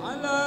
Alle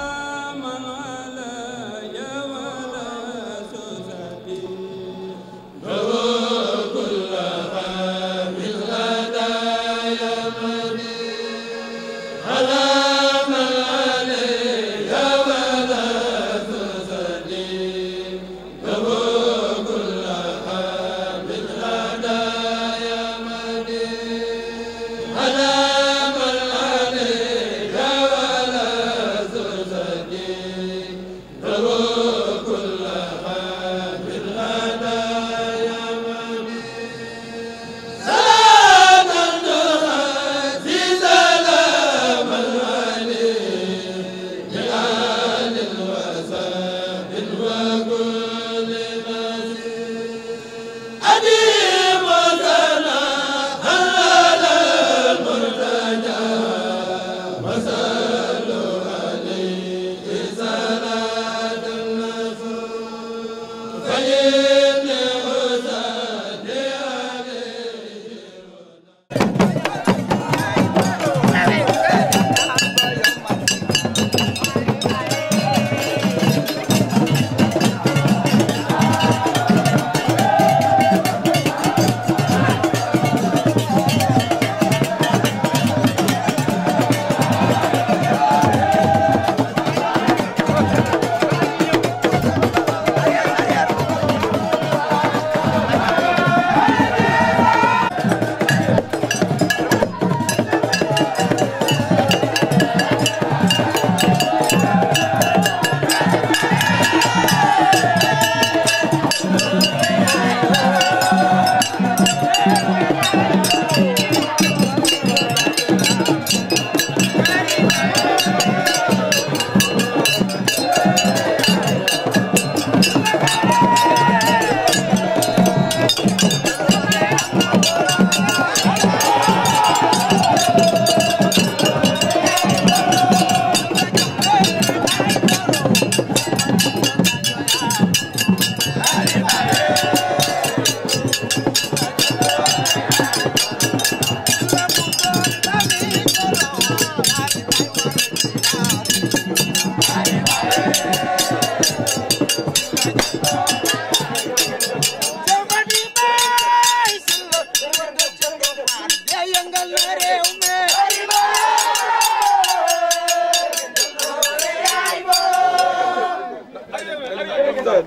doyal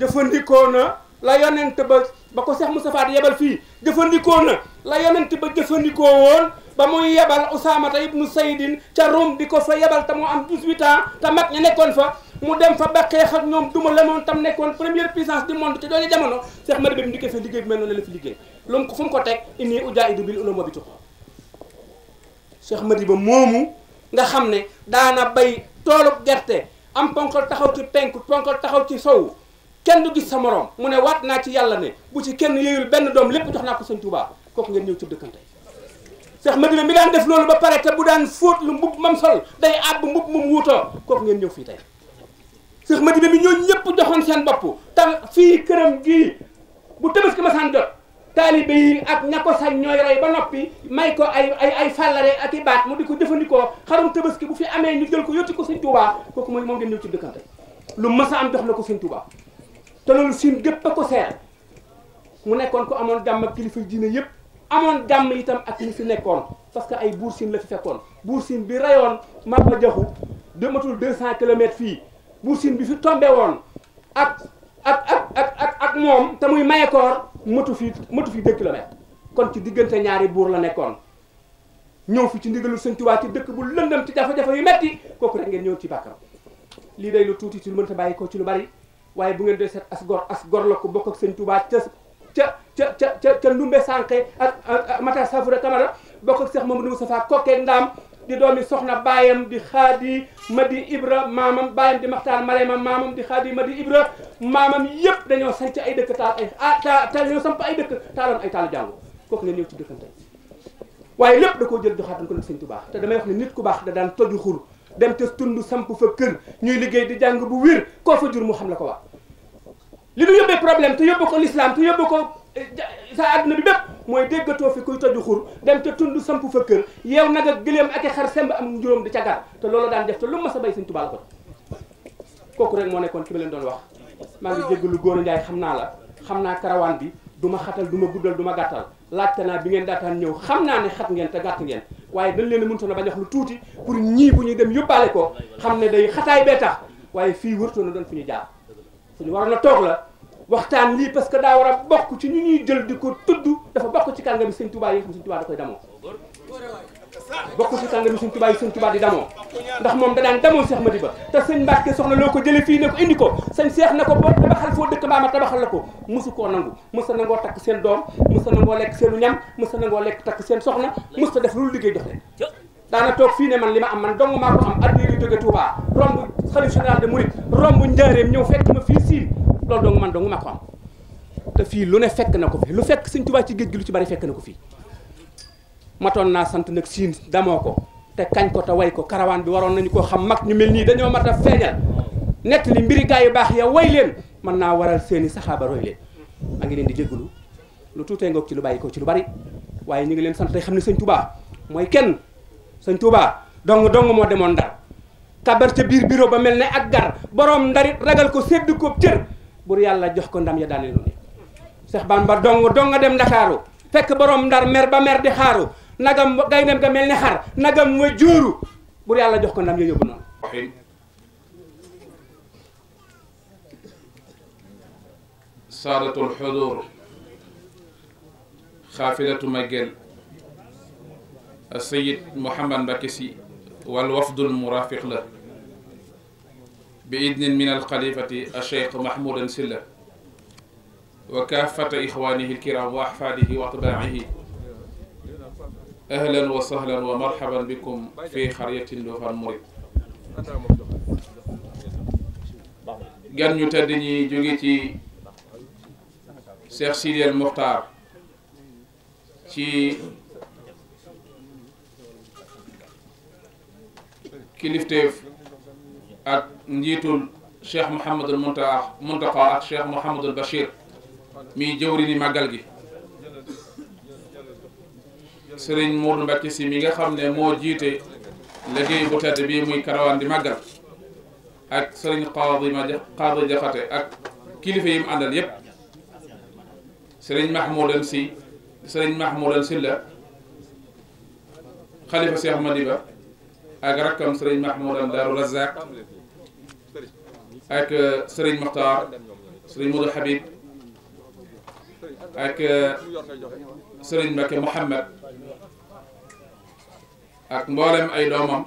jëfandikoo na la yonent ba ba ko Seex Mustafaa yebal fii jëfandikoo na la yonent ba jëfandikoo woon ba muy yebal Usaamata ibnu Saydin ca Rum bi ko fa yebal te mu am 18 ans te mag ñi nekkoon fa mu dem fa ba xeex ak ñoom duma la moom tam nekkoon première puissance du monde ci doole jamono Seex Mari bi mu dikkee fa liggéey bi mel noonu la fi liggéey lu mu ko fu mu ko teg inni ujaahidu bil ulama bi tuqaa Seex Mari moomu nga xam ne daana bay toolub gerte am ponkal taxaw ci penku ponkal taxaw ci sow kenn du gis sa morom mu ne waat naa ci yàlla ne bu ci kenn yëyul benn doom lépp jox naa ko sëñ Tuubaa kooku ngeen ñëw ci dëkkante Cheikh Madina mi daan def loolu ba pare te bu daan fóot lu mbub mam sol day àbb mbub mum wuutoo kooku ngeen ñëw fii tey Cheikh Madina mi ñoo ñëpp joxoon seen bopp tam fii këram gi bu Tabaski masaan jot taalibe yi ak ña ko sañ ñooy rey ba noppi may ko ay ay ay fàllare ak i baat mu di ko jëfandikoo xarum tabaski bu fi amee ñu jël ko yotti ko sëñ Tuubaa kooku mooy moom ngeen ñëw ci dëkkante lu mës am jox na ko sëñ Tuubaa te loolu siin gépp a ko seer mu nekkoon ko amoon jàmm ak kilifa diine yëpp amoon jàmm itam ak ñu si nekkoon parce que ay buur siin la fi fekkoon buur siin bi rayoon Maba Jaxu dematul 200 kilomètres fii buur siin bi fi tombé woon ak ak ak ak ak ak moom te muy mayekoor matu fi matu fi deux kilomètres kon ci diggante ñaari buur la nekkoon ñëw fi ci ndigalu Sëñ Tuubaa ci dëkk bu lëndëm ci jafe-jafe yu metti kooku rek ngeen ñëw ci bàkkam lii day lu tuuti ci lu mënta bàyyi ko ci lu bari waaye bu ngeen dee set as gor as la ko bokk ak Sëñ Tuubaa ca ca ca ca ca ca ndumbe sànqe ak mata safura kamara bokk ak Seex Mamadu Mustafaa kokkeeg ndaam di doomi soxna baayam di di ma di ibra maamam baayam di maxtaar marema maamam di xaar xaadi ma di ibra maamam yëpp dañoo sanc ay dëkk taal ay ah ay dëkk taaloon ay taal jàngu kooku nga ñëw ci dëkkante waaye lépp da koo jël joxaatan ko nag sëñ baax te damay wax ne nit ku baax da daan toju xur dem te tund samp fa kër ñuy liggéey di jàng bu wér koo fa jur mu xam la ko wax li nu yóbbee problème te yóbbu ko l'islam te yóbbu ko Eh, sa àdduna bi bépp mooy déggatoo fi kuy toju xur dem te tund samp fa kër yow nag ak gëléem ak i xar semb am juróom di ca gaar te loolu daan def te lu ma sa bay Sëñ Tuubaa la ko kooku rek moo nekkoon ki ma leen doon wax maa ngi jéggalu góor njaay xam naa la xam naa karawaan bi du ma xatal du ma guddal du ma gàttal laajte naa bi ngeen daataan ñëw xam naa ne xat ngeen te gàtt ngeen waaye dañ leen a mënutoon a bañ wax lu tuuti pour ñii bu ñuy dem yóbbaale ko xam ne day xataay bee tax fii wërtoon na doon fi ñu jaar suñu waroon toog la waxtaan lii parce que daa war a bokk ci ñu ñuy jël di ko tudd dafa bokk ci kàngami sëñ Tuubaa yi nga xam sëñ yi sëñ Tuubaa di damoo ndax moom da daan damoo Seex Madiba te sëñ Mbàkke soxna loo ko jële fii ne ko indi ko sëñ Seex na ko boo tabaxal foo dëkk mbaama tabaxal la ko mosu koo nangu mos a nangoo takk seen doom mos a nangoo lekk seenu ñam mos a nangoo lekk takk seen soxna mos a def loolu liggéey jox leen daana toog fii ne man li ma am man dong maa ko am addi yu jóge Tuubaa romb loolu dong man dong maa am te fi lu ne fekk nako fi lu fekk seigne touba ci géej gi lu ci bari fekk nako fi. Maton na naa sant nag siin ko te kagn ko te ko karawan bi waron nañ ko xam mak ñu melni dañu mata mat net li mbiri gaay yu bax ya way leen man na waral seeni sahaba roy leen ma ngi leen di jégalu lu tuté ngok ci lu bayiko ko ci lu bari waye ñi ngi leen sant tey xam ne Touba moy kenn seigne Touba dong dong mo demoon ndar kabar ci bir biro ba melne ne ak gar borom ndarit ragal ko seddu ko cër bur yalla jox ko ndam ya lu ne Cheikh Bamba dong dong nga dem merba fek borom ndar mer ba mer di xaru nagam gaynem ga melni xar nagam wa juru bur yalla jox ko ndam ya yóbbu Salatul saadatul xudur xaafilatu magel sayid Mouhamad Mbacke wal wafdul murafiq بإذن من الخليفة الشيخ محمود سلة وكافة إخوانه الكرام وأحفاده وأتباعه أهلا وسهلا ومرحبا بكم في خرية Ndofane Mouride gan ñu tedd ñi سيدي المختار Cheikh Sidi أك njiitul cheikh Mouhamadul Muntaqa Muntaqa ak cheikh Mouhamadul Bachir mi jëwrini màggal gi sëriñ Mourou Mbacke si mi nga xam ne moo jiite liggéey bu tedd bii muy karawaan di màggal ak sëriñ Qaadi ma Qaadi Jaxate ak kilifa yi mu àndal yépp sëriñ Mahmoudan si sëriñ Mahmoudan Silla xalifa cheikh Madiba ak rakkam sëriñ Mahmoudan Daaru Razaq ak Serigne Mokhtar Serigne Modou Habib ak Serigne mbake Mouhamed ak mboolem ay doomam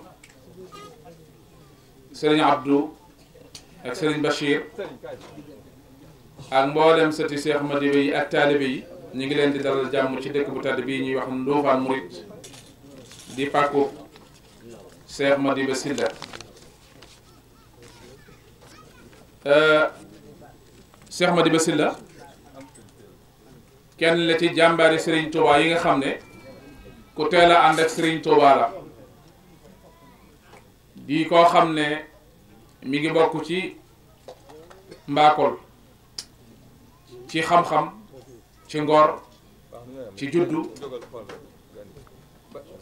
Serigne Abdou ak Serigne Bachir ak mboolem sëti Cheikh Madiba yi ak taalibe yi ngi leen di dalal jàmm ci dëkk bu tàdd bii ñuy wax Ndofane Mouride di pàkku Cheikh Madiba Sylla Euh, Cheikh Madi Basilla kenn la ci jàmbaari Serigne Touba yi nga xam ne ku teel a ànd ak Serigne la di koo xam ne mi ngi bokk ci mbaakol ci xam-xam ci ngoor ci juddu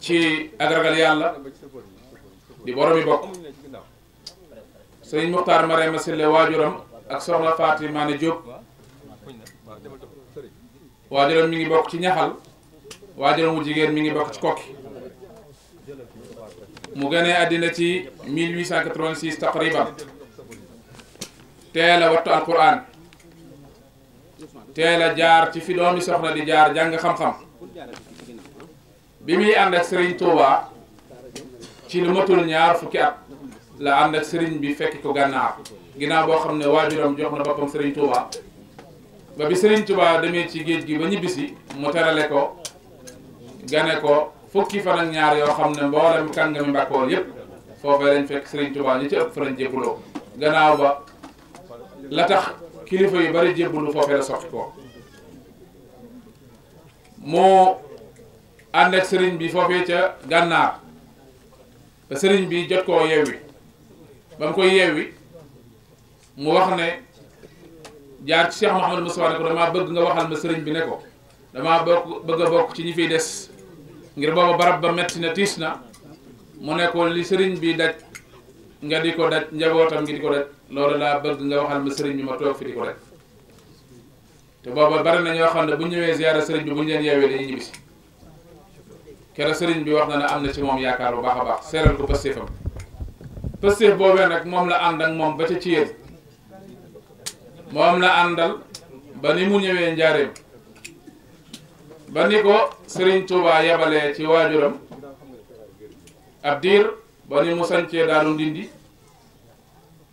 ci ak ragal yàlla di boromi bokk sëriñ Muxtaar Marème Sille waajuram ak soxna Fatima ne Diop waajuram mi ngi bokk ci ñaxal waajuram wu jigéen mi ngi bokk ci kokki mu gënee àddina ci 1886 taqriban teel a wattu alquran teel a jaar ci fi doomi soxna di jaar jàng xam-xam bi muy ànd ak sëriñ Touba ci lu matul ñaar fukki at la ànd ak sëriñ bi fekki ko gànnaar ginnaaw boo xam ne waajuram jox na boppam sëriñ Touba ba bi sëriñ Touba demee ci géej gi ba ñibbisi mu terale ko gane ko fukki fan ak ñaar yoo xam ne mboolem kàngami mbàkkoon yépp foofee lañ fekk sëriñ Touba ñu ci ëpp fa lañ gannaaw ba la tax kilifa yi bari jébbalu foofee la soxi ko moo ànd ak sëriñ bi foofee ca gànnaar ba sëriñ bi jot koo yewwi ba mu koy yeewi mu wax ne jaar ci Cheikh Mouhamadou Moustapha ne ko damaa bëgg nga waxal ma sëriñ bi ne ko damaa bokk bëgg a bokk ci ñi fiy des ngir booba barab ba metti na tiis na mu ne ko li sëriñ bi daj nga di ko daj njabootam ngi di ko daj loolu laa bëgg nga waxal ma sëriñ bi ma toog fi di ko daj te booba bari na ñoo xam ne bu ñëwee ziyaara sëriñ bi bu ñu leen yeewee dañuy ñibbisi keroog sëriñ bi wax na ne am na ci moom yaakaar bu baax a baax seeral pëstéef boobee nag moom la ànd ak moom ba ca ci yéen moom la àndal ba ni mu ñëwee njaareem ba ni ko Serigne Touba yabalee ci waajuram ab diir ba ni mu sancee daaru ndindi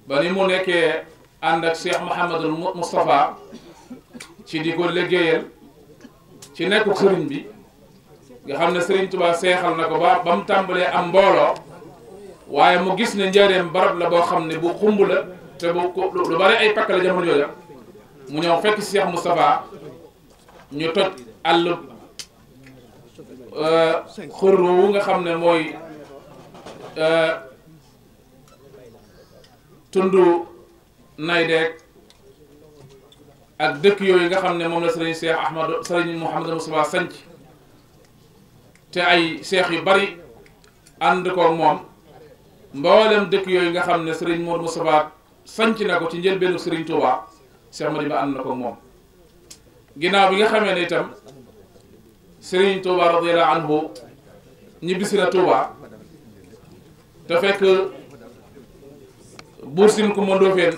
ba ni mu nekkee ànd ak Cheikh Mouhamadul Moustapha ci di ko liggéeyal ci nekkuk sëriñ bi nga xam ne Serigne Touba seexal na ko ba ba mu tàmbalee am mbooloo waye mu gis ne njaareem barab la bo xamne bu xumbu la te bu lu bari ay pakk la jamono yooya mu ñëw fekk Cheikh mustafa ñu toj àll xur wu nga xamne moy euh tundu Naydeek ak dëkk yooyu nga xam ne moom la sëriñ Cheikh Ahmad sëriñ Mouhamadou Moustapha sanc te ay cheikh yu bari ànd ko moom mboolem dëkk yooyu nga xam ne sëriñ Modou Moustapha sanc na ko ci njëlbeenu sëriñ Touba Cheikh Madiba ànd na ko moom ginnaaw bi nga xamee ne itam sëriñ Touba radiyallahu anhu ñibbisi na Touba te fekk buur sin ku mëndoofeen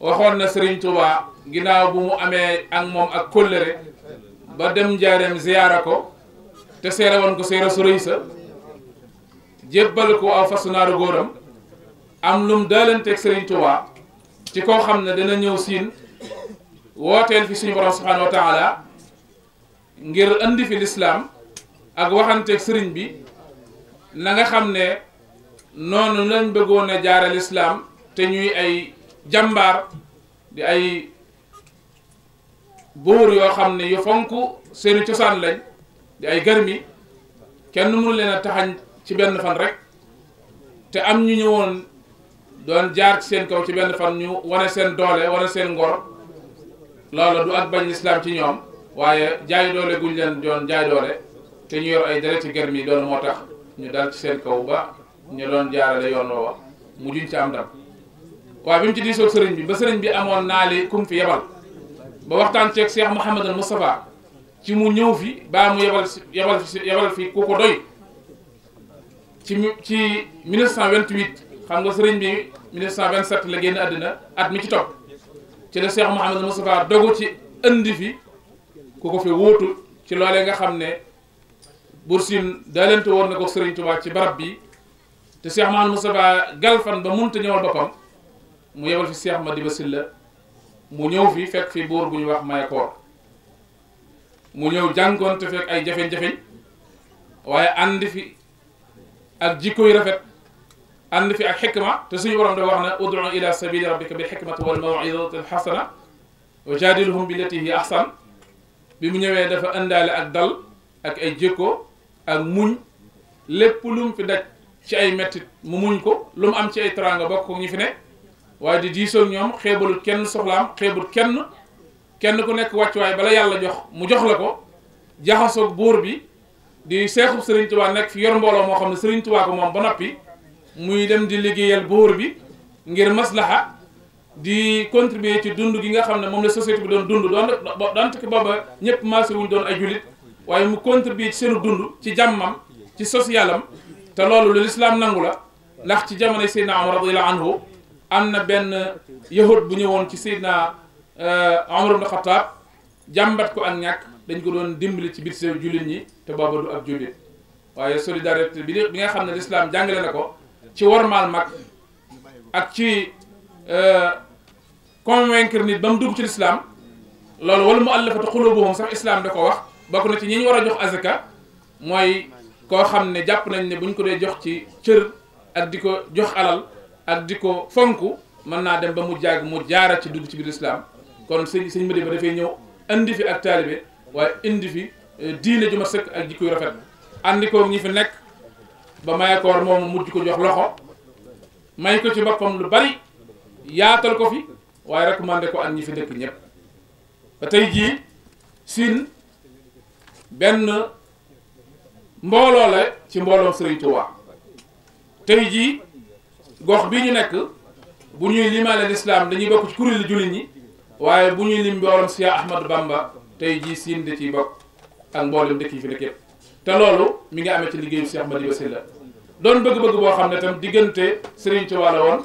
waxoon na sëriñ Touba ginnaaw bu mu amee ak moom ak kóllëre ba dem njaareem ziyaara ko te seere woon ko seere su sa jébbal ko aw fasu naaru góoram am lum daalanteeg Serigne Touba ci koo xam ne dana ñëw siin wooteel fi suñu borom subhanahu wa ngir indi fi lislaam ak waxanteeg sëriñ bi na nga xam ne noonu lañ bëggoon a jaare lislaam te ñuy ay jàmbaar di ay buur yoo xam ne yu fonk seeni cosaan lañ di ay garmi kenn mënu leen a taxañ ci benn fan rek te am ñu ñëwoon doon jaar ci seen kaw ci benn fan ñu wane seen doole wane seen ngoor loola du ak bañ lislaam ci ñoom waaye jaay doole guñ leen doon jaay doole te ñu yor ay dereti germi doon moo tax ñu dal ci seen kaw ba ñu doon jaarale yoon woowa mu juñ ci am ndam waaye bi mu ci diisoo sëriñ bi ba sëriñ bi amoon naali kum fi yebal ba waxtaan ceeg Cheikh Mouhamadul Moustapha ci mu ñëw fi baa mu yebal yebal fi yebal fi ku ko doy ci ci cent vingt 1928 xam nga sëriñ bi vingt 1927 la génn àddina at mi ci topp ci la Cheikh Mouhamadou Moustapha dogu ci indi fi ku ko fi wóotu ci loolee nga xam ne Buur Siin daalante woon na ko sëriñ Tuubaa ci barab bi te Cheikh ma Moustapha galfan ba munta ñëwal boppam mu yebal fi Cheikh Madiba Silla mu ñëw fi fekk fi buur bu ñu wax Mayakoor mu ñëw jànkoonte fekk ay jafeñ-jafeñ waaye andi fi ak jikko yu rafet ànd fi ak xikma te suñu borom dafa wax ne ud'u ila sabili rabbika bil xikmati wal maw'izati al xasana wa jaadilhum billati hi ahsan bi mu ñëwee dafa ëndaale ak dal ak ay jikko ak muñ lépp lu mu fi daj ci ay mettit mu muñ ko lu mu am ci ay teraanga bokk ko ñu fi ne waaye di diisoog ñoom xeebalut kenn soxlaam xeebul kenn kenn ku nekk wàccuwaay bala yàlla jox mu jox la ko jaxasoog buur bi di seexub Serigne Touba nekk fi yor mbooloo moo xam ne Serigne Touba moom ba noppi muy dem di liggéeyal buur bi ngir maslaha di contribuer ci dund gi nga xam ne moom la société bi doon dund doon donte ko booba ñëpp maase wuñ doon ay jullit waaye mu contribuer ci seenu dund ci jàmmam ci socialam te loolu lu lislaam nangu la ndax ci jamono Seydina Omar radiyallahu anhu am na benn yahud bu ñëwoon ci Seydina euh, Omar ibn Khattab jàmbat ko ak ñàkk dañ ko doon dimbali ci biir seen jullit ñi te booba du ab jullit waaye solidarité bi bi nga xam ne lislaam jàngale na ko ci wormaal mag ak ci euh, convaincre nit ba mu dugg ci lislaam loolu wala mu àllafata xulubuhum sax islaam da ko wax bokk na ci ñi ñu war a jox azaka mooy koo xam ne jàpp nañ ne buñ ko dee jox ci cër ak di ko jox alal ak di ko fonk mën naa dem ba mu jàgg mu jaara ci dugg ci biir lislaam kon sëñ sëñ Madiba dafay ñëw indi fi ak taalibe waaye indi fi eh, diine ju sëkk ak jikko yu rafet andi koog ñi fi nekk ba mayakoor moomu mujj ko jox loxo may ko ci boppam lu bari yaatal ko fi waaye recommandé ko an ñi fi dëkk ñëpp ba tey jii siin benn mbooloo la ci mbooloom Serigne Touba tey jii gox bi ñu nekk bu ñuy limaale lislaam dañuy bokk ci kuréelu jullit ñi waaye bu ñuy lim mbooloom Cheikh Ahmadou Bamba tey jii siin da ci bokk ak mboolem dëkk yi fi nekk te loolu mi ngi amee ci liggéeyu Cheikh Madiba la doon bëgg-bëgg boo xam ne tam diggante Serigne Touba la woon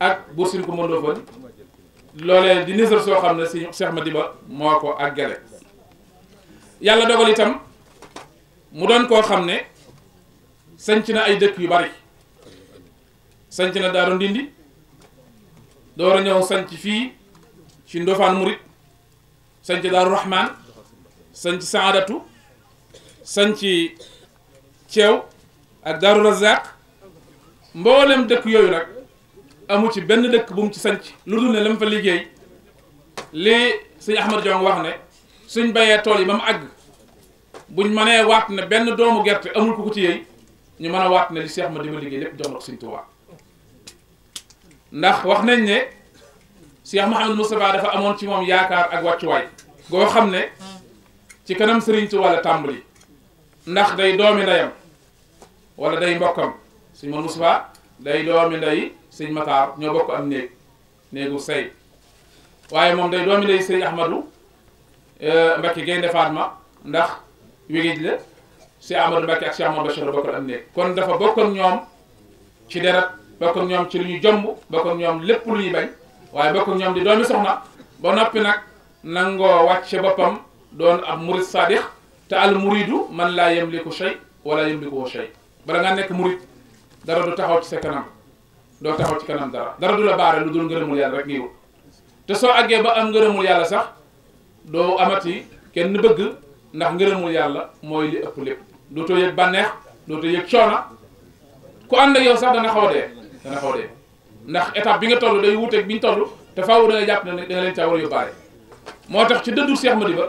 ak Buur Sine Coumba Ndoffène loolee di nisar soo xam ne si Cheikh Madiba moo ko àggale yàlla dogal itam mu doon koo xam ne sanc na ay dëkk yu bari sanc na Daaru Ndindi door a ñëw sanc fii ci Ndofane Mouride sañ ci daaru rahman sañ ci saadatu sañ ceew ak daaru razaq mboolem dëkk yooyu nag amu ci benn dëkk bu mu ci sanc lu dul ne la fa liggéey lii sëñ Ahmad Diong wax ne suñ bayee tool yi ba mu àgg buñ mënee waat ne benn doomu gerte amul ku ko ci yëy ñu mën a waat ne li Cheikh ma di ma liggéey lépp jox la ko sëñ Tuubaa ndax wax nañ ne Cheikh Mouhamadou Moustapha dafa amoon ci moom yaakaar ak wàccuwaay goo xam ne ci kanam Serigne Touba la tàmbali ndax day doomi ndeyam wala day mbokkam sëñ Mouhamadou Moustapha day doomi ndey sëñ Matar ñoo bokk am néeg néegu sey waaye moom day doomi ndey sëñ Ahmadou Mbacke Gaynde Fatma ndax wégij la Cheikh Ahmadou Mbacke ak Cheikh Ahmadou Bachir bokkoon am néeg kon dafa bokkoon ñoom ci deret bokkoon ñoom ci lu ñu jomb bokkoon ñoom lépp lu ñu bañ waaye bokk ñoom di doomi soxna ba noppi nag nangoo wàcce boppam doon am murid saadix te al muridu man laa yamliku shay wala yamliku shay bala nga nekk murid dara du taxaw ci sa kanam doo taxaw ci kanam dara dara du la baare lu dul ngërëmul yàlla rek ngay wut te soo àggee ba am ngërëmul yàlla sax doo amati kenn bëgg ndax ngërëmul yàlla mooy li ëpp lépp dootoo yëg bànneex dootoo yëg coona ku ànd ak yow sax dana xaw dee dana xaw dee ndax étape bi nga toll day wuuteeg bi ñu toll te faaw da nga jàpp ne da nga leen caa war a yóbbaale moo tax ci dëddu Cheikh Madiba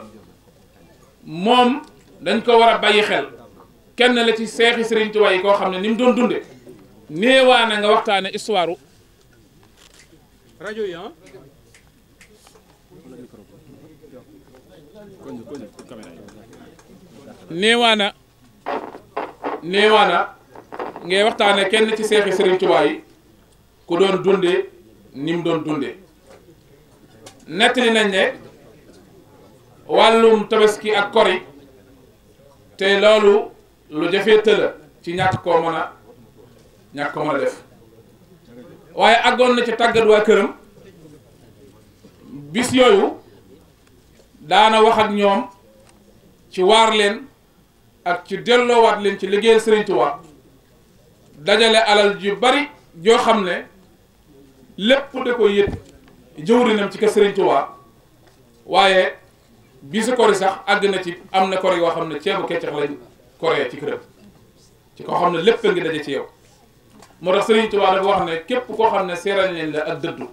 moom dañ ko war a bàyyi xel kenn la ci seexi Serigne Touba yi koo xam ne ni mu doon dunde néewaana nga waxtaane histoire rajo yi ah néewaana néewaana ngay waxtaane kenn ci seexi seriñ Touba yi ku doon dundee ni mu doon dundee nettali nañ ne wàllum tabaski ak kori te loolu lu jafee tëla ci ñàkk koo mën a ñàkk koo mën def waaye àggoon na ci tàggat waa këram bis yooyu daana wax ak ñoom ci waar leen ak ci delloowaat leen ci liggéeyal Sëriñ dajale alal ju bari joo xam ne lépp da ko yët jëwrinam ci kër Serigne Touba waaye bi su kori sax àgg na ci am na kor yoo xam ne ceebu keccax lañ koree ci këram ci koo xam ne lépp a ngi daje ci yow moo tax Serigne Touba dafa wax ne képp koo xam ne seerañ leen la ak dëddu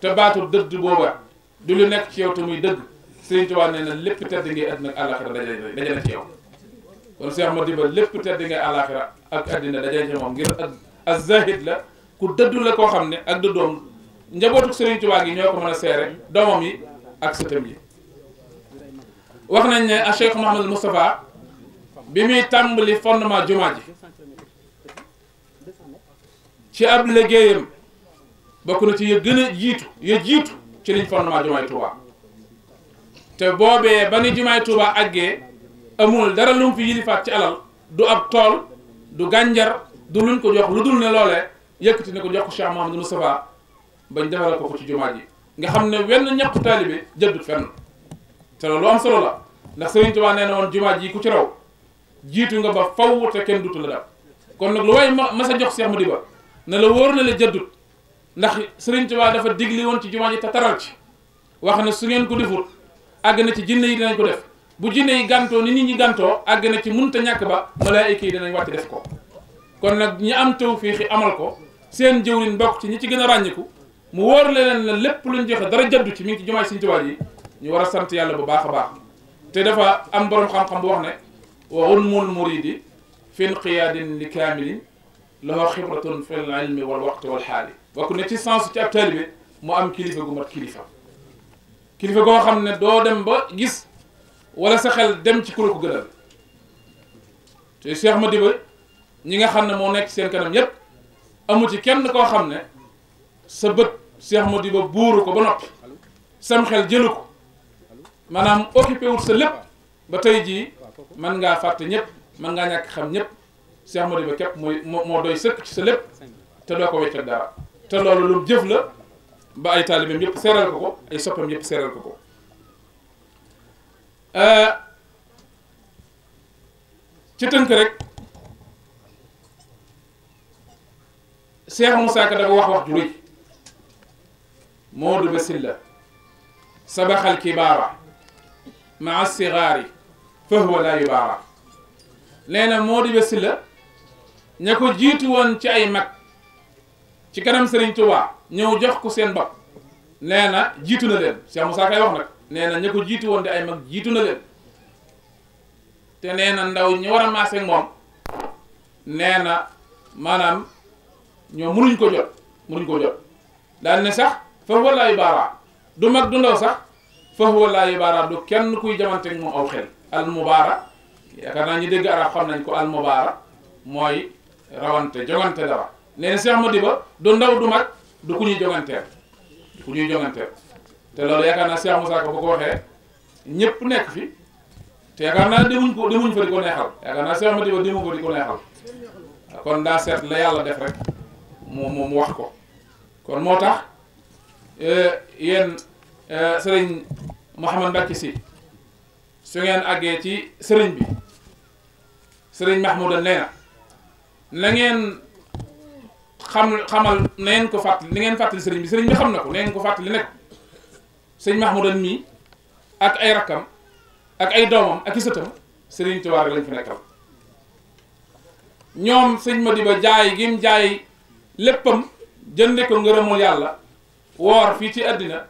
te baatu dëdd booba du lu nekk ci yow te muy dëgg Serigne Touba nee na lépp tedd ngay àddina ak àllaaxira daje daje na ci yow kon Cheikh Madiba lépp tedd ngay àllaaxira ak àddina daje ci moom ngir ak zahid la ku dëddu la koo xam ne ak dëddoom njabootu Serigne Touba gi ñoo ko mën a seere doomam yi ak sëtam yi wax nañ ne a Cheikh Mouhamadou Moustapha bi muy tàmbali fondement jumaa ji ci ab liggéeyam bokk na ci ya gën a jiitu ya jiitu ci liñ fondement jumaay Touba te boobee ba ni jumaay Touba àggee amul dara lu mu fi ci alal du ab tool du gànjar du luñ ko jox lu dul ne loolee yëkkati ne ko jox ko Cheikh Mouhamadou Moustapha bañ defal ko ko ci jumaa yi nga xam ne wenn ñàkku taalibe jëddut fenn te loolu am solo la ndax sëriñ Touba nee na woon jumaa ji ku ci raw jiitu nga ba faw te kenn dutu la dab kon nag lu waay mas a jox Cheikh Madiba ne la wóor na la jëddut ndax Serigne Touba dafa digli woon ci jumaa ji te taral ci wax ne su ngeen ko defut àgg na ci jinne yi dinañ ko def bu jinne yi gàntoo ni nit ñi gàntoo àgg na ci munta ñàkk ba malaayika yi dinañ wàcc def ko kon nag ñi am fii tawfiix amal ko seen jëwriñ bokk ci ñi ci gën a ràññiku mu wóor leen la lépp luñ joxe dara jaddu ci mi ngi ci jumaay Sëriñ Tuubaa yi ñu war a sant yàlla bu baax a baax te dafa am borom xam-xam bu wax ne wa ulmul muridi fi inqiyaadin li kaamilin lahu xibratun fi l ilmi wal waqti wal xaali bokk ne ci sens ci ab taalibe mu am kilifa gu mat kilifa kilifa goo xam ne doo dem ba gis wala sa xel dem ci kuréel ku gënal te Cheikh Madiba ñi nga xam ne moo nekk seen kanam yépp amu ci kenn koo xam ne sa bët Cheikh Modibo buuru ko ba noppi sam xel jëlu ko maanaam occupé wul sa lépp ba tey jii man ngaa fàtte ñëpp man ngaa ñàkk xam ñëpp Cheikh Modibo képp mooy moo doy sëkk ci sa lépp te doo ko wecc dara te loolu lu jëf la ba ay taalibeem yëpp seeral ko ko ay soppam yëpp seeral ko ko euh, ci tënk rek Cheikh Moussa Ka dafa wax wax ju rëy Modou Ba Silla sabaxal kibaara maa sigaari fa huwa laa yubaara nee na Modou Ba Silla ña ko jiitu woon ci ay mag ci kanam Serigne Touba ñëw jox ko seen bopp nee na jiitu na leen mu Moussa Ka wax nag nee na ña ko jiitu woon di ay mag jiitu na leen te nee na ndaw ñi war a maase moom nee na maanaam ñoom mënuñ ko jot mënuñ ko jot daal ne sax fa wallaayu baara du mag du ndaw sax fa wallaayu baara du kenn kuy jamanteeg moom aw xel al mubaara yaakaar naa ñu dégg arab xam nañ ko al mubaara mooy rawante jogante dara nee na Cheikh du ndaw du mag du ku ñuy joganteel du ku ñuy joganteel te loolu yaakaar naa Cheikh Moussa ko bu ko waxee nekk fi te yaakaar naa demuñ ko demuñ fa di ko neexal yaakaar naa Cheikh Madiba demuñ ko di ko neexal kon daa seet la yàlla def rek. moom moom wax ko kon moo tax eh, yéen eh, sëriñ Mouhamad Mbacke si su ngeen àggee ci sëriñ bi sëriñ Mahmouda nee na na ngeen xam xamal na ngeen ko fàttali ni ngeen fàttali sëriñ bi sëriñ bi xam na ko na ko fàttali nag sëriñ Mahmouda mii ak ay rakkam ak ay doomam ak i sëtam sëriñ Tuubaa lañ fi nekkal ñoom sëñ Madiba jaay gim jaay. léppam jënde ko ngërëmul yàlla woor fii ci àddina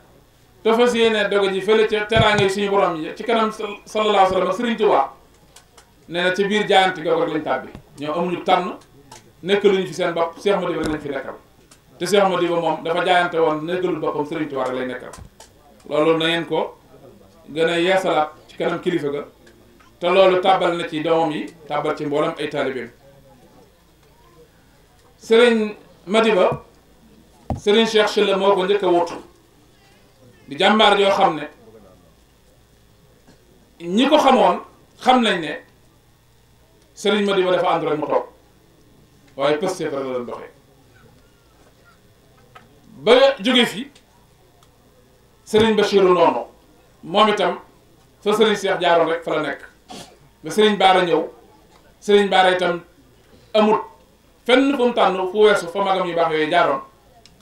te fas yéene doge ji fële ca teraange suñu borom yi ci kanam sallallahu alayhi wa sallam Sëriñ Tuubaa nee na ci biir jaayante googu rek lañ tàbbi ñoo amuñu tànn nekkaluñu fi seen bopp Cheikh Madiba rek lañ fi nekkal te Cheikh Madiba moom dafa jaayante woon nekkalul boppam Sëriñ Tuubaa rek lay nekkal loolu na ngeen ko gën a yeesalaat ci kanam kilifa ga te loolu tàbbal na ci doomam yi tàbbal ci mboolam ay taalibeem sëriñ Madiba Serigne Cheikh Sylla moo ko njëkk a wutu di jàmbaar yoo xam ne ñi ko xamoon xam nañ ne Serigne Madiba dafa ànd rek mu toog waaye pëste fa la doon doxee ba jóge fi Serigne Bachirou noonu moom itam fa Serigne Cheikh jaaroon rek fa la nekk ba Serigne Baara ñëw Serigne Baara itam amut. fenn fu mu tànn fu weesu fa magam yu baax yooyu jaaroon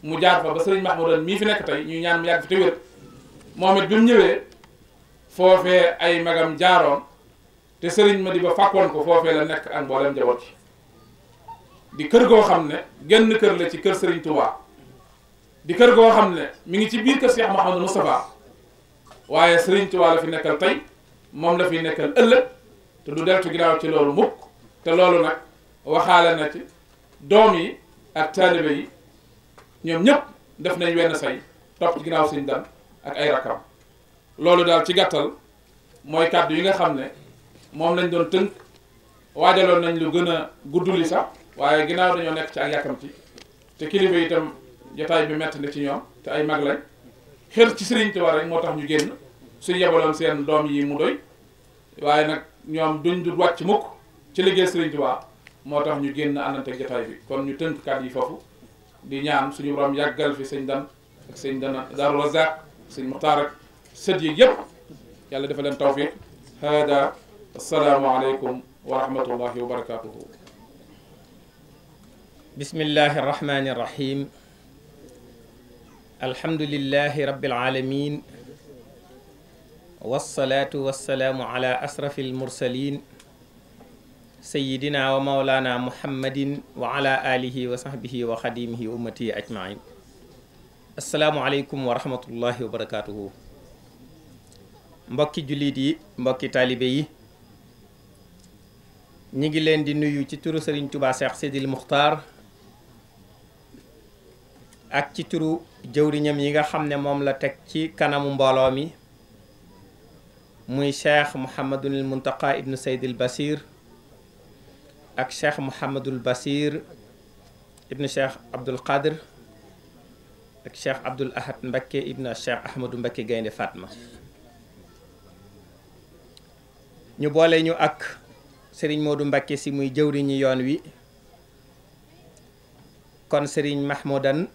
mu jaar fa ba sëriñ Mahmoudan mii fi nekk tey ñu ñaan mu yàgg fi te wér moom it bi mu ñëwee foofee ay magam jaaroon te sëriñ ma di ba fàkkoon ko foofee la nekk ak mboolem njaboot yi di kër goo xam ne genn kër la ci kër sëriñ Touba di kër goo xam ne mi ngi ci biir kër Cheikh Mouhamadou Moustapha waaye sëriñ Touba la fi nekkal tey moom la fi nekkal ëllëg te du deltu ginnaaw ci loolu mukk te loolu nag waxaale na ci doom yi ak taalibe yi ñoom ñëpp def nañ wenn say topp ci ginnaaw sëñ dan ak ay rakam loolu daal ci gàttal mooy kàddu yi nga xam ne moom lañ doon tënk waajaloon nañ lu gën a gudduli sax waaye ginnaaw dañoo nekk ci ak yàkkamti te kilifa itam jotaay bi metti na ci ñoom te ay mag lañ xër ci sëriñ Tuubaa rek moo tax ñu génn suñ yebaloon seen doom yi mu doy waaye nag ñoom duñ du wàcc mukk ci liggéey sëriñ Tuubaa moo tax ñu génn àndante jataay bi kon ñu tënk kàddu yi foofu di ñaan suñu borom yàggal fi sëñ dan ak sëñ dana Daaru Razaq sëñ Muxtaar ak sët yi yëpp yàlla dafa leen tawfiq hada assalaamu aleykum wa rahmatullahi wa barakatuhu bismillahi arrahmani arrahim alhamdulillahi rabbil alamin والصلاة والسلام على أسرف المرسلين سيدنا ومولانا محمد وعلى آله وصحبه وخديمه أمتي أجمعين السلام عليكم ورحمة الله وبركاته مبكي جليدي مبكي طالبي نيجي لين دي نيو تي تورو سيرن توبا شيخ سيد المختار اك تي تورو جوري نيام ييغا خامني موم لا تك تي كانامو مبولومي موي شيخ محمد المنتقى ابن سيد البصير ak cheikh Mouhamadul Basir ibnu cheikh Abdul Qadir ak cheikh Abdul Ahad Mbakke ibnu cheikh Ahmadou Mbakke Gaynde Fatma ñu boole ñu ak sëriñ moodu Mbakke si muy jëwriñu yoon wi kon sëriñ Mahmoudan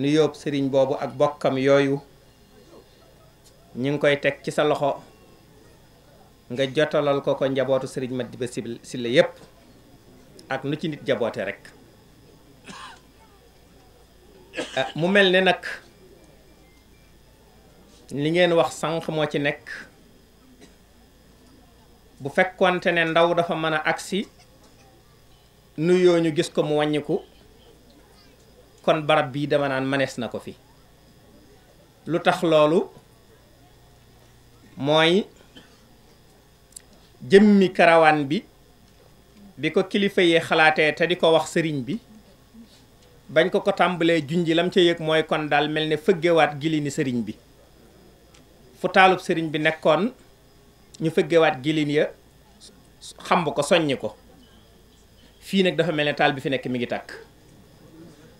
nu yóbbu Serigne boobu ak bokkam yooyu ñu ngi koy teg ci sa loxo. nga jotalal ko ko njabootu sëriñ Madiba Silla yépp ak nu ci nit jaboote rek ah, mu mel ne nag li ngeen wax sànq moo ci nekk bu fekkonte ne ndaw dafa mën a agsi ñu gis ko mu kon barab bii dama naan fi lu tax moy jëmmi karawan bi bi ko kilifa yi xalaatee te di ko wax sëriñ bi bañ ko ko tàmbalee junji lam ca yëg mooy kon daal mel ne fëggewaat gilini sëriñ bi fu sëriñ bi nekkoon ñu fëggewaat gilin ya xamb ko soññ ko fii nag dafa mel ne taal bi fi nekk mi ngi tàkk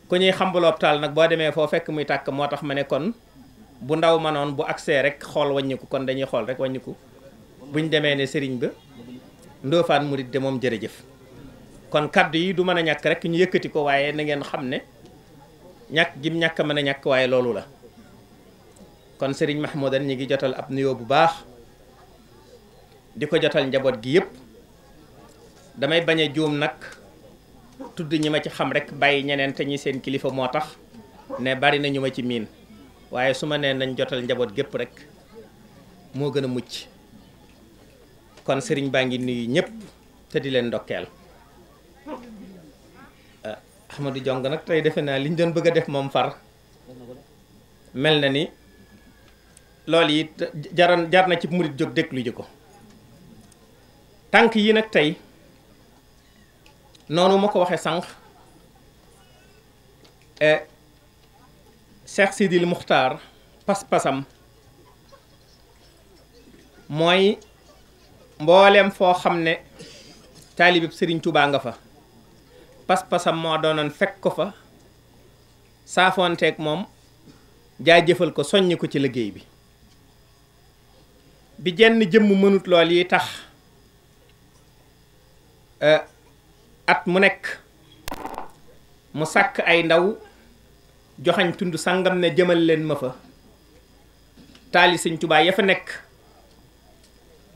ku ñuy xambaloob taal nag boo demee foo fekk muy tàkk moo tax ma ne kon bu ndaw ma noon bu agsee rek xool wàññiku kon dañuy xool rek wàññiku buñ demee ne sëriñ ba ndoofaan murit de moom jërëjëf kon kàddu yi du mën a ñàkk rek ñu yëkkati ko waaye na ngeen xam ne ñàkk gim ñàkk a mën a ñàkk waaye loolu la kon sëriñ Mahmoudan ñi ngi jotal ab nuyoo bu baax di ko jotal njaboot gi yëpp damay bañ a juum nag tudd ñi ma ci xam rek bàyyi ñeneen te ñi seen kilifa moo tax ne bari na ñu ma ci miin waaye su ma nee nañ jotal njaboot gépp rek moo gën a mucc kon serigne bangi nuyu ñëpp te di leen ndokkeel ah, Ahmadou Jong nak tay defena liñ doon bëgg def mom far mel ni lool yi jaran jarna ci mourid jog dekk lu ko tank yi nak tay nonu mako waxe sank sànq eh, Cheikh Sidil mukhtar pas-pasam moy mboolem foo xam ne taalibib sëriñ tuubaa nga fa pas-pasam moo doonoon fekk ko fa saafoonteeg moom jaajëfal ko soññi ko ci liggéey bi bi jenn jëmm mënut lool yi tax euh, at mu nekk mu sàkk ay ndaw joxañ tund sàngam ne jëmal leen ma fa taali sëñ tubaa ya fa nekk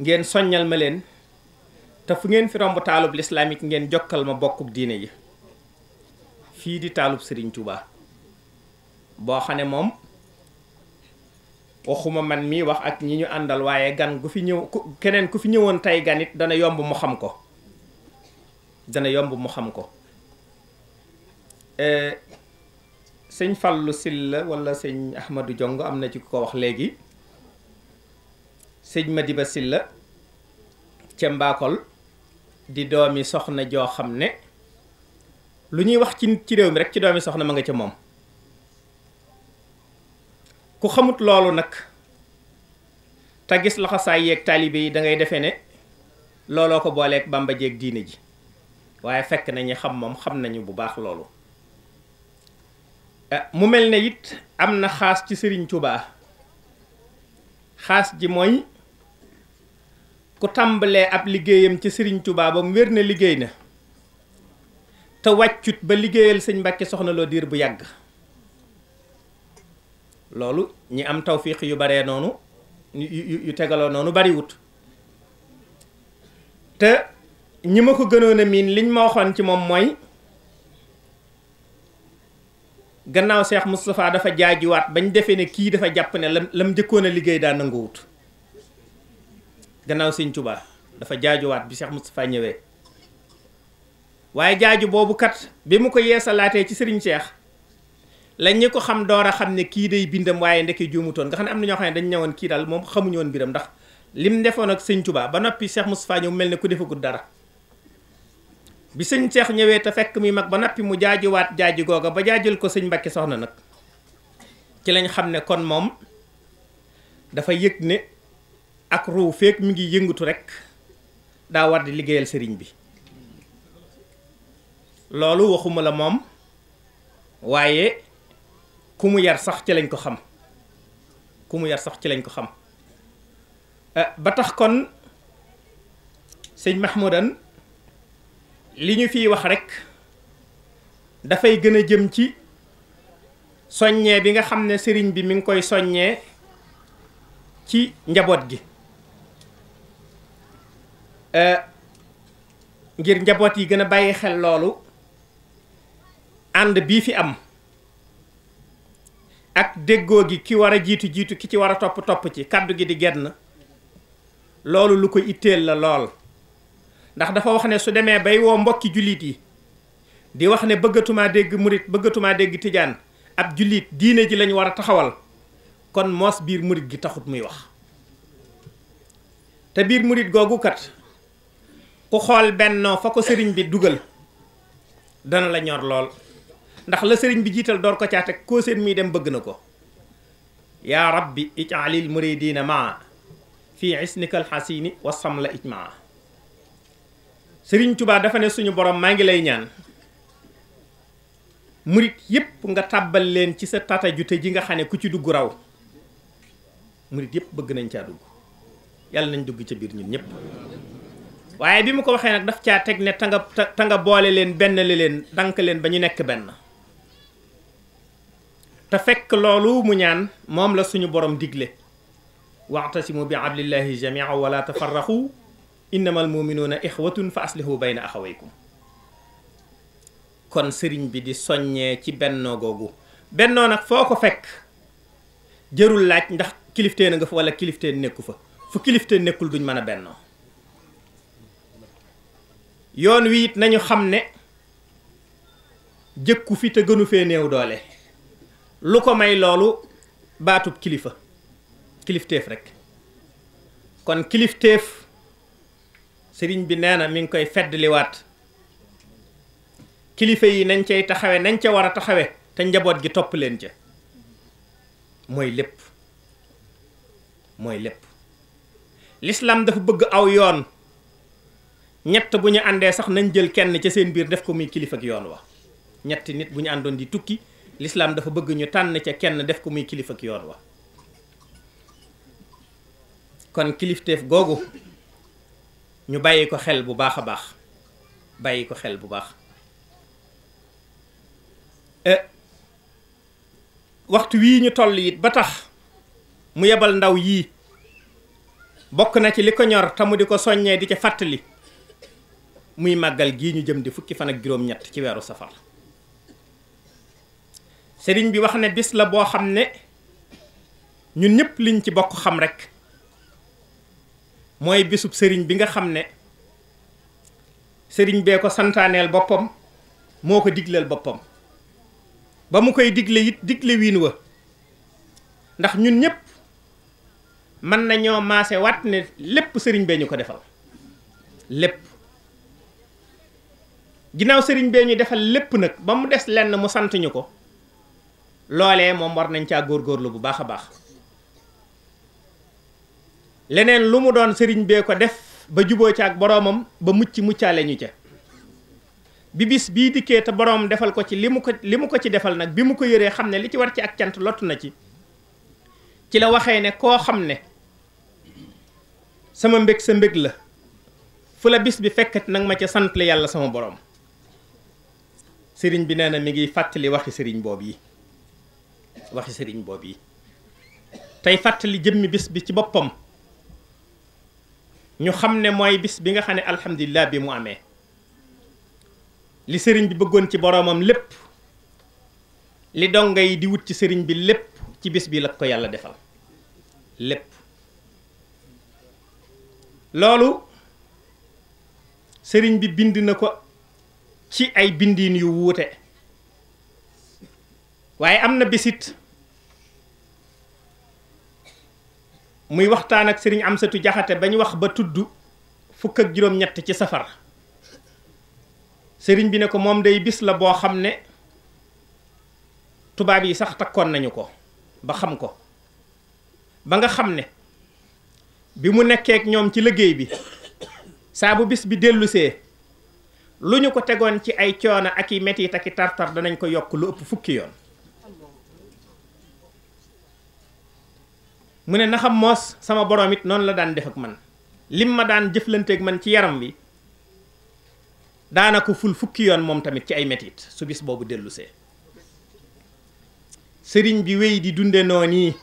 ngeen soññal ma leen te fu ngeen fi romb taalub lislamik ngeen jokkal ma bokkuk diine yi fii di taalub Serigne Touba boo xam ne moom waxuma man mii wax ak ñi ñu àndal waaye gan gu fi ñëw keneen ku fi ñëwoon tey ganit dana yomb mu xam ko dana yomb mu xam ko e, sëñ Fallou Sylla wala sëñ Ahmadou Jongo am na ci ko wax léegi sëñ Madiba Sylla ca mbaakol di doomi soxna joo xam ne lu ñuy wax ci ci réew mi rek ci doomi soxna ma nga ca moom ku xamut loolu nag te gis laxasaay yeeg taalibe yi da ngay ne looloo ko booleeg Bàmba jeeg diine ji waaye fekk nañu xam moom xam nañu bu baax loolu eh, mu mel ne it am na xaas ci Sëriñ Tuubaa xaas ji mooy ku tàmbalee ab liggéeyam ci sëriñ tubaabam wér na liggéey na te wàccut ba liggéeyal sëñ Mbàkke soxna loo diir bu yàgg loolu ñi am tawfiix yu baree noonu yu tegaloo noonu bariwut te ñi ma ko gënoon a miin liñ ma waxoon ci moom mooy gannaaw Cheikh Moustapha dafa jaajuwaat bañ defee ne kii dafa jàpp ne lam lam njëkkoon a liggéey daa nanguwut gannaaw sëñ Touba dafa jaajuwaat bi Cheikh Moustapha ñëwee waaye jaaju boobu kat bi mu ko salaatee ci sëriñ Cheikh lañ ñi ko xam door a xam ne kii day bindam waaye ndekki juumutoon nga xam ne am na ñoo xam ne dañ ñëwoon kii daal moom xamuñu woon biram ndax lim defoon ak sëñ Touba ba noppi seex Cheikh Moustapha ñëw mel ne ku defagul dara bi sëñ Cheikh ñëwee te fekk mi mag ba noppi mu jaajuwaat jaaju googa ba jaajul ko sëñ Mbacke soxna nag ci lañ xam ne kon moom dafa yëg ne. ak ruu mu ngi yëngatu rek daa war di liggéeyal sëriñ bi loolu waxuma la moom waaye ku mu yar sax ci lañ ko xam ku mu yar sax ci lañ ko xam eh, ba tax kon sëñ Mahmoudan li ñu fi wax rek dafay gën a jëm ci soññee bi nga xam ne sëriñ bi mi ngi koy soññee ci njaboot gi Eh, ngir njabot yi gëna bayyi xel loolu ànd bii fi am ak déggoo gi ki war a jiitu jiitu ki ci war a topp topp ci kaddu gi di genn loolu lu ko itteel la lool ndax dafa wax ne su demee bay woo mbokki julit yi di wax ne bëggatumaa dégg murit bëggatumaa dégg tijaan ab julit diine ji lañu war taxawal kon moos biir murit gi taxut muy wax te biir murit googu kat ku xool bennoo fa ko sëriñ bi dugal dana la ñor lool ndax la sëriñ bi jiital door ko caate koo seen muy dem bëgg na ko yaa rabbi ijaalil muridina maa fii isnikal xasini wasam la ijmaa sëriñ tubaa dafa ne suñu boroom maa ngi lay ñaan murit yépp nga tàbbal leen ci sa tata jute ji nga xam ne ku ci dugg raw murit yépp bëgg nañ caa dugg yàlla nañ dugg ca biir ñun ñépp waaye bi mu ko waxee nag daf caa teg ne ta nga ta nga boole leen benn li leen dank leen ba ñu nekk benn te fekk loolu mu ñaan moom la suñu borom digle waxtasimu bi hablillahi jamia wala tafarraxu innama almuminuuna ixwatun fa aslihu bayna axawaykum kon sëriñ bi di soññee ci bennoo googu bennoo nag foo ko fekk jërul laaj ndax kilifteen nga fa wala kilifteen nekku fu kilifteen nekkul duñ mën a yoon wi nañu xam ne jëkku fi te gënu fee néew doole lu ko may loolu baatub kilifa kilifteef rekk kon kilifteef sëriñ bi nee na mi ngi koy feddliwaat kilifa yi nañ cay taxawe nañ ca war a taxawe te njaboot gi topp leen ca mooy lépp mooy lépp l'islam dafa bëgg aw yoon ñett bu ñu àndee sax nañ jël kenn ci seen biir def ko muy kilifa ak yoon wa ñett nit bu ñu di tukki l'islam dafa bëgg ñu tànn ca kenn def ko muy kilifa ak yoon wa kon kilifteef googu ñu bàyyi ko xel bu baax a baax bàyyi ko xel bu baax eh, waxtu wii ñu toll it ba tax mu yebal ndaw yii bokk na ci li ko ñor tamu di di ca fàttali muy màggal gii ñu jëm di fukki fan ak juróom-ñett ci weeru safar sëriñ bi wax ne bis la boo xam ne ñun ñëpp liñ ci bokk xam rek mooy bisub sëriñ bi nga xam ne sëriñ bee ko santaaneel boppam moo ko digleel boppam ba mu koy digle it digle wiin wa ndax ñun ñëpp mën nañoo maase wat ne lépp sëriñ bee ñu ko defal lépp ginnaaw sëriñ bee ñu defal lépp nag ba mu des lenn mu sant ñu ko loole moom war nañ ca góor góorgóorlu bu baax a baax leneen lu mu doon sëriñ bee ko def ba juboo ca ak boroomam ba mucc muccaale ñu ca bi bis bii dikkee te boroom defal ko ci li mu ko li mu ko ci defal nag bi mu ko yëree xam ne li ci war ci ak cant lott na ci ci la waxee ne koo xam ne sama mbég sa mbëg la fu la bis bi fekkat nag ma ca sant la yàlla sama boroom sëriñ bi nee na mi ngi fàttali waxi sëriñ boobu yi waxi sëriñ boobu yi tey fàttali jëmmi bis bi ci boppam ñu xam ne mooy bis bi nga xam ne bi mu amee li sëriñ bi bëggoon ci boroomam lépp li donga di wut ci sëriñ bi lépp ci bis bi la ko yàlla defal lépp loolu sëriñ bi bind na ci ay bindiin yu wuute waaye am na bisit muy waxtaan ak sëriñ Amsatu Jaxate ba ñu wax ba tudd fukk ak juróom-ñett ci safara sëriñ bi ne ko moom day bis la boo xam ne tubaab yi sax takkoon nañu ko ba xam ko ba nga xam ne bi mu nekkeek ñoom ci liggéey bi saa bu bis bi dellusee lu ñu ko tegoon ci ay coono ak i metit ak i tartar danañ ko yokk lu ëpp fukki yoon mu ne na xam moos sama borom it noonu la daan def ak man lim ma daan jëflanteeg man ci yaram wi daana ko ful fukki yoon moom tamit ci ay metit su bis boobu dellusee sëriñ bi wéy di dunde noonu yi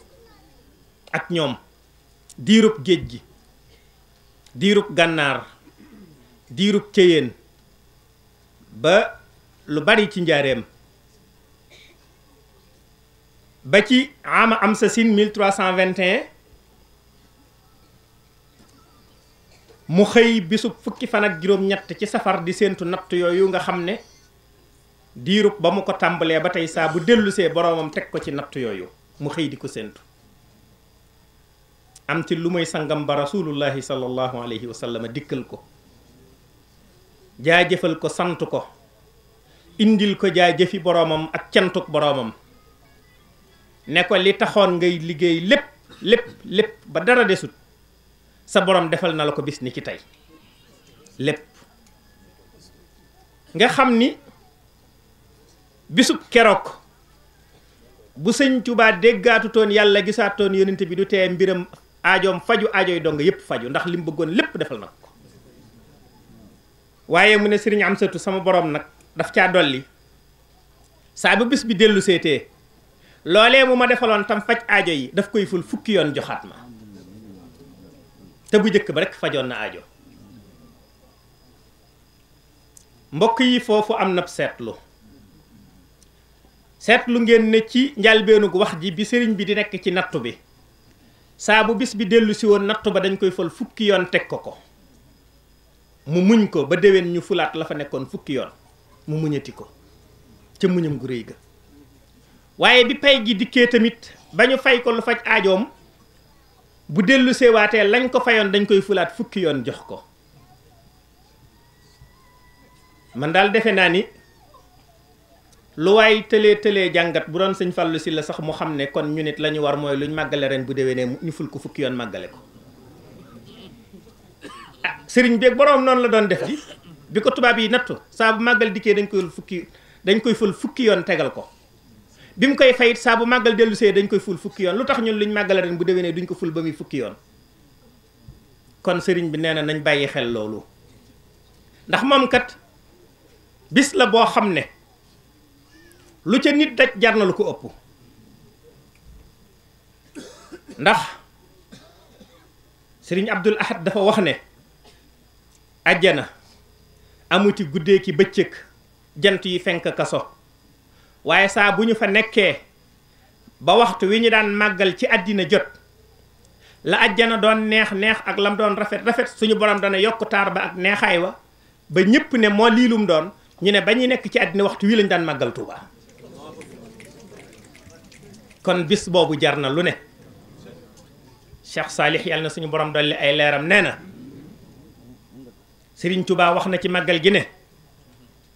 ak ñoom diirub géej gi diirub gànnaar diirub céyeen ba lu bari ci njaareem ba ci ama am sa sin 1321 mu xëy bisub fukki fan ak juróom-ñett ci safar di séentu natt yooyu nga xam ne diirub ba mu ko tàmbalee ba tey saa bu dellusee boroomam teg ko ci natt yooyu mu xëy di ko séentu am ci lu muy sangam ba rasulullahi sallallahu alayhi wa sallam dikkal ko jaajëfal ko sant ko indil ko jaajëfi boroomam ak cantuk boroomam ne ko li taxoon ngay liggéey lépp lépp lépp ba dara desut sa boroom defal na la ko bis ni ci tey lépp nga xam ni bisub keroog bu sëñ Tuubaa déggaatutoon yàlla gisaatoon yenent bi du tee mbiram aajoom faju aajoy dong yépp faju ndax li mu bëggoon lépp defal na ko waaye mu ne sëriñ Amsatu sama boroom nag daf caa dolli saa bu bis bi dellu seetee loolee mu ma defaloon tam faj aajo yi daf koy ful fukki yoon joxaat ma te bu njëkk ba rek fajoon na ajo mbokk yi foofu am na seetlu seetlu ngeen ne ci njalbeenug wax ji bi sëriñ bi di nekk ci nattu bi saa bu bis bi dellu si woon nattu ba dañ koy fal fukki yoon teg ko ko mu muñ ko ba déwén ñu fulaat la fa nekkoon fukki yoon mu muñati ko ca muñam gu rëy ga waaye bi pay gi dikkee tamit ba ñu fay ko lu faj aajoom bu dellu seewaatee lañ ko fayoon dañ koy fulaat fukki yoon jox ko man daal defe naa ni lu waay tëlee tëlee jàngat bu doon sëñ Fallou la sax mu xam ne kon ñu nit la ñu war mooy luñ màggale ren bu déwénee ñu ful ko fukki yoon màggale ko sëriñ bi ak boroom noonu la doon def ci bi ko tubaab yi nattu saa bu màggal dikkee dañ koy fukki dañ koy ful fukki yoon tegal ko bi mu koy fayit saa bu màggal dellu see dañ koy ful fukki yoon lu tax ñun luñ màggale ren bu déwénee duñ ko ful ba muy fukki yoon kon sëriñ bi nee na nañ bàyyi xel loolu ndax moom kat bis la boo xam ne lu ca nit daj jar na lu ko ëpp ndax sëriñ Abdul Ahad dafa wax ne ajjana amuti guddee ki bëccëg jant yi fenk kaso waaye saa bu ñu fa nekkee ba waxtu wi ñu daan màggal ci àddina jot la ajjana doon neex neex ak lam doon rafet rafet suñu borom dana yokk taar ba ak neexaay wa ba ñépp ne moo liilum doon ñu ne ba ñuy nekk ci àddina waxtu wi lañu daan màggal Tuuba kon bis boobu jar na lu ne Cheikh Saalix yàlla na suñu borom dolli ay leeram nee na Sëriñ Tuubaa wax na ci màggal gi ne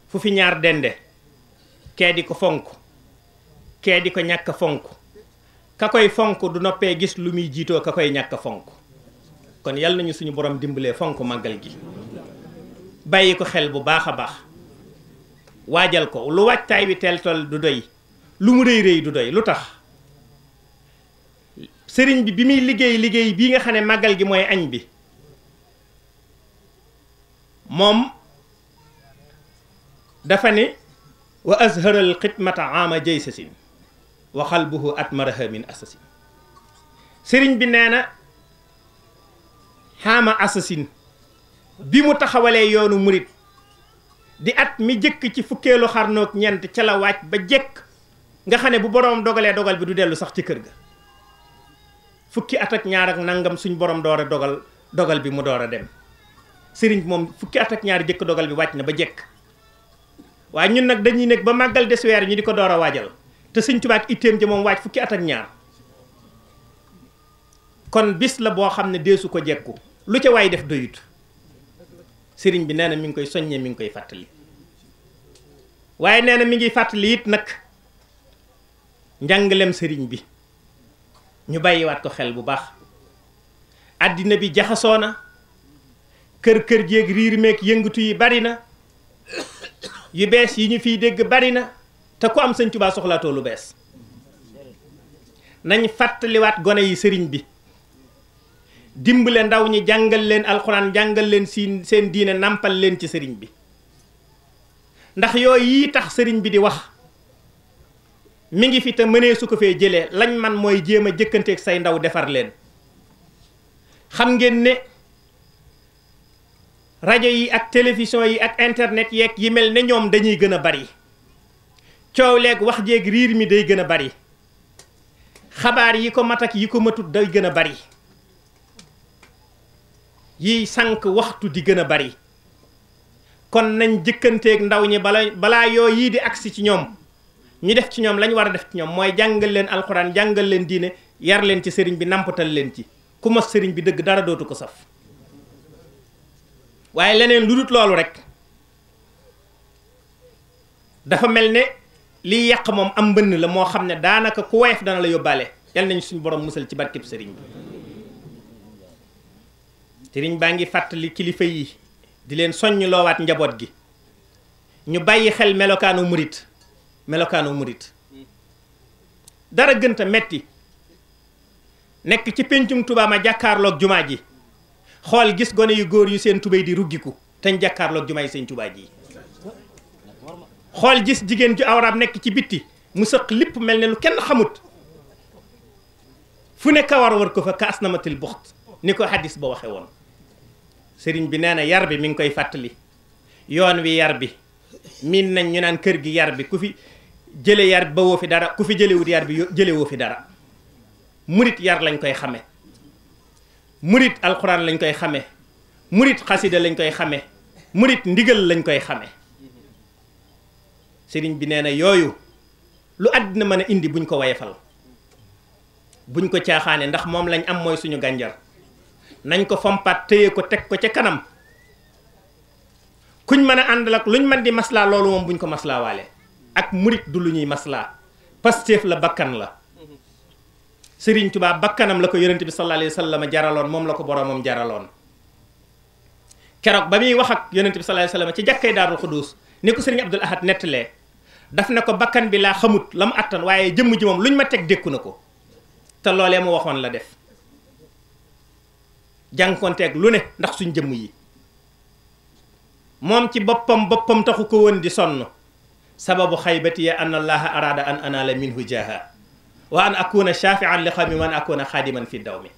fu fi ñaar dende kee di ko fonk kee di ko ñàkk fonk ka koy fonk du noppee gis lu muy jiitoo ka koy ñàkk fonk kon yal nañu suñu borom dimbalee fonk màggal gi bàyyi ko xel bu baax a baax waajal ko lu waajtaay wi teel tol du doy lu mu rëy rëy du doy lu tax sëriñ bi bi muy liggéey liggéey bii nga xam ne màggal gi mooy añ bi mom dafa ni wa al khitmata ama jaysasin wa qalbuhu atmaraha min asasin serigne bi neena hama asasin bi mu taxawale yoonu murid di at mi jëkk ci fukkeelu xarnok ñent ci la wacc ba jekk nga xane bu borom dogale dogal bi du delu sax ci kër ga fukki at ak ñaar ak nangam suñ borom doore dogal dogal bi mu doore dem sëriñ mom fukki atak ñaari dogal bi wacc na ba jekk wa ñun nak dañuy nek ba magal des weer ñu diko doora wajal te touba ak mom wacc fukki atak kon bis la bo xamne ne ko jekku lu ci way def doyut sëriñ bi neena mi ngi koy soññee mi ngi koy fatali waye neena mi ngi fatali it nak njangalem bi ñu wat ko xel bu baax adina bi jaxasona kër kër jéeg riir meeg yëngatu yi bari na yu bees yi ñu fiy dégg bari na te ku am sëñ Tuubaa soxlaatoo lu bees nañ fàttaliwaat gone yi sëriñ bi dimbale ndaw ñi jàngal leen alxuraan jàngal leen si seen diine nàmpal leen ci sëriñ bi ndax yooyu yi tax sëriñ bi di wax mi ngi fi te mënee su ko fee jëlee lañ man mooy jéem a jëkkanteeg say ndaw defar leen xam ngeen rajo yi ak télévision yi ak internet yeeg yi mel ni ñoom dañuy gën a bari coow leek wax jeeg riir mi day gën a bari xabaar yi ko mat ak yi ko matut day gën a bari yi sànq waxtu di gën a bari kon nañ jëkkanteeg ndaw ñi bala balaa yoo yii di agsi ci ñoom ñu def ci ñoom lañu war a def ci ñoom mooy jàngal leen alxuraan jàngal leen diine yar leen ci sëriñ bi nampatal leen ci ku mos sëriñ bi dëgg dara dootu ko saf waaye leneen lu dut loolu rek dafa mel ne liy yàq moom am mbënn la moo xam ne daanaka ku woyof dana la yóbbaale yal nañ suñu borom musal ci barkeb sëriñ bi sëriñ baa ngi fàttali kilifa yi di leen soññ loowaat njaboot gi ñu bàyyi xel melokaanu murit melokaanu murit dara gënta metti nekk ci péncum Tuubaa ma jàkkaarloog jumaa ji xool gis gone yu góor yu seen tubéy di ruggiku teñ jàkkaarloog jumaay seen tubaa ji xool gis jigéen ju awraam nekk ci bitti mu sëq lépp mel ne lu kenn xamut fu ne kawar war ko fa ka asnamatil buxt ni ko hadis ba waxe woon sëriñ bi nee na yar bi mi ngi koy fàttali yoon wi yar bi miin nañ ñu naan kër gi yar bi ku fi jële yar ba woo fi dara ku fi jëlewut yar bi jële woo fi dara murit yar lañ koy xame Murid alquran lañ koy xamé murid qasida lañ koy xamé murid ndigal lañ koy xamé serigne bi nee yoyu lu àddina mën indi buñ ko wayefal buñ ko tiaxane ndax mom lañ am moy suñu ganjar, nañ ko fompat teye ko tek ko ci kanam kuñ mëna a ak luñ mën di maslaa loolu buñ ko walé ak murid du luñuy masla pastef la bakkan la Serigne tubaab bakkanam la ko yonent bi sallallahu alayhi wa jaraloon moom la ko boromam jaraloon keroog ba muy wax ak yonent bi sallallahu alayhi ci jàkkay Daarul Xuduus ni ko Serigne Abdul Ahad nettalee daf ne ko bakkan bi laa xamut la mu attan waaye jëm ji moom luñ ma teg dékku na ko te loolee mu waxoon la def jànkonteeg lu ne ndax suñ jëmm yi moom ci boppam boppam taxu ko woon di sonn sababu xaybati ya an allaha araada an anaala minhu jaha ak wa an mi shafian li xawmi man akuna xaadiman fii daw mi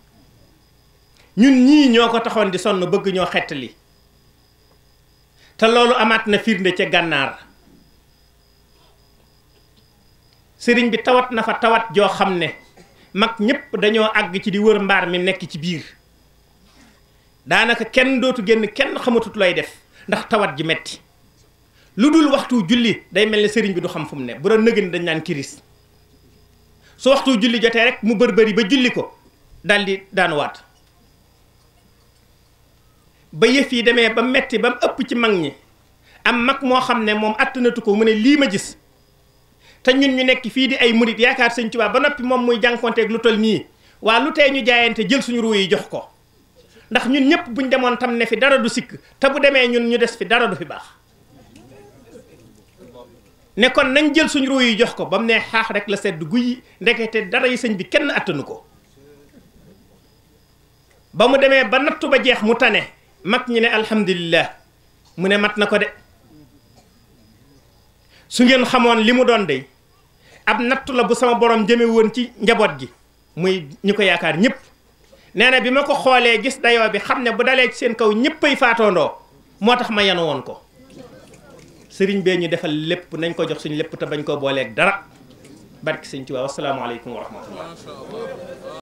ñun ñii ñoo ko taxoon di sonn bëgg ñoo xettali te loolu amaat na firnde ca gànnaar sëriñ bi tawat na fa tawat joo xam ne mag ñépp dañoo àgg ci di wër mbaar mi nekk ci biir daanaka kenn dootu génn kenn xamatut looy def ndax tawat ji metti lu dul waxtu julli day mel ni sëriñ bi du xam fu mu ne bu doon nëgën dañ naan kiris su waxtu julli jotee rek mu bërbëri ba julli ko daal di daanuwaat ba yëf yi demee ba metti ba mu ëpp ci mag ñi am mag moo xam ne moom attanatu ko mu ne lii ma gis te ñun ñu nekk fii di ay murit yaakaar sëñ Tuubaa ba noppi moom muy jànkonteeg lu toll nii waa lu tey ñu jaayante jël suñu ruu yi jox ko ndax ñun ñëpp buñ demoon tam ne fi dara du sikk te bu demee ñun ñu des fi dara du fi baax ne kon nañ jël suñu ruu yi jox ko ba mu ne xaax rek la sedd guy ndekete dara yi sëñ bi kenn attanu ko ba mu demee ba nattu ba jeex mu tane mag ñi ne alhamdulillah mu ne mat na ko de su ngeen xamoon li mu doon de ab nattu la bu sama borom jëme woon ci njaboot gi muy ñi ko yaakaar ñëpp nee na bi ma ko xoolee gis dayoo bi xam ne bu dalee ci seen kaw ñëppay faatoondoo moo tax ma yanu woon ko sëriñ bee ñu defal lépp nañ ko jox suñu lépp te bañ koo booleek dara barki sëñ Tuubaa wasalaamaaleykum wa rahmatullah